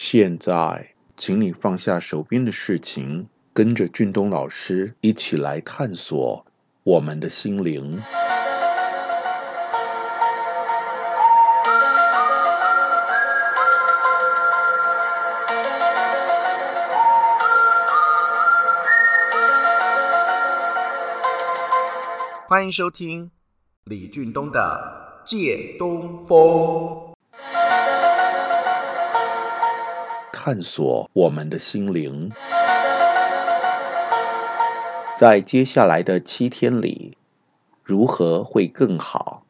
現在，請你放下手邊的事情，跟着俊東老師一起來探索我們的心靈。歡迎收聽李俊東的《借東風》。探索我們的心靈，在接下來的七天裡，如何會更好？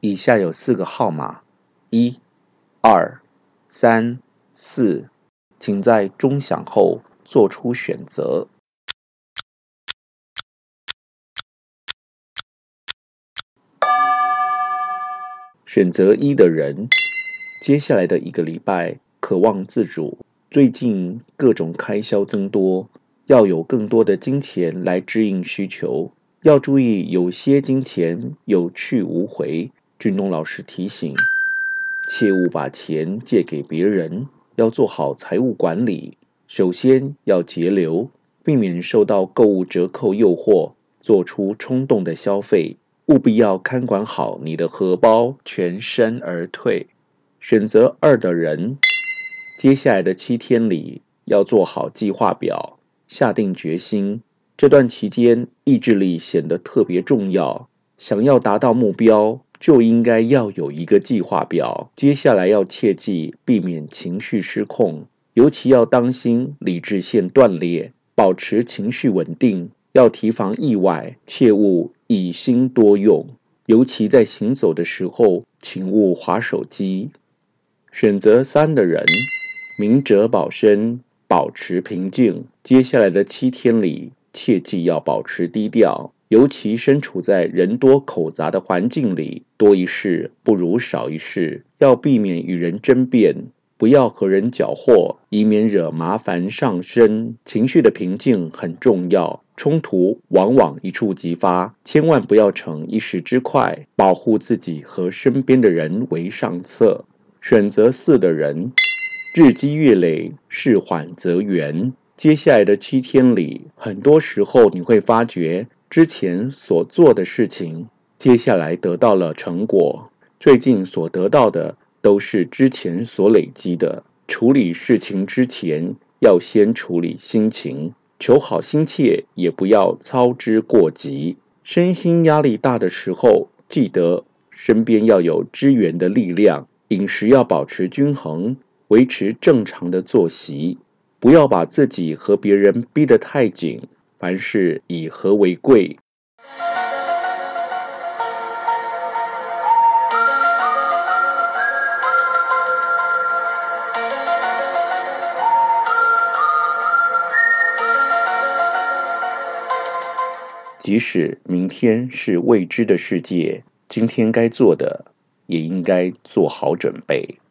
以下有四個號碼：一、二、三、四，請在鐘響後做出選擇。選擇一的人，接下來的一個禮拜。渴望自主，最近各種開銷增多，要有更多的金錢來支應需求。要注意，有些金錢有去無回。俊東老師提醒：切勿把錢借給別人，要做好財務管理。首先要節流，避免受到購物折扣誘惑，做出衝動的消費。務必要看管好你的荷包，全身而退。選擇二的人。接下來的七天裡，要做好計劃表，下定決心。這段期間，意志力顯得特別重要。想要達到目標，就應該要有一個計劃表。接下來要切記，避免情緒失控，尤其要當心理智線斷裂，保持情緒穩定。要提防意外，切勿一心多用，尤其在行走的時候，請勿滑手機。選擇三的人。明哲保身，保持平靜。接下來的七天裡，切記要保持低調，尤其身處在人多口雜的環境裡，多一事不如少一事。要避免與人爭辯，不要和人攪和，以免惹麻煩上身。情緒的平靜很重要，衝突往往一觸即發，千萬不要逞一時之快，保護自己和身邊的人為上策。選擇四的人。日積月累，事緩則圓。接下來的七天裡，很多時候你會發覺之前所做的事情，接下來得到了成果。最近所得到的都是之前所累積的。處理事情之前，要先處理心情。求好心切，也不要操之過急。身心壓力大的時候，記得身邊要有支援的力量。飲食要保持均衡。維持正常的作息，不要把自己和別人逼得太緊。凡事以和為貴。即使明天是未知的世界，今天該做的也應該做好準備。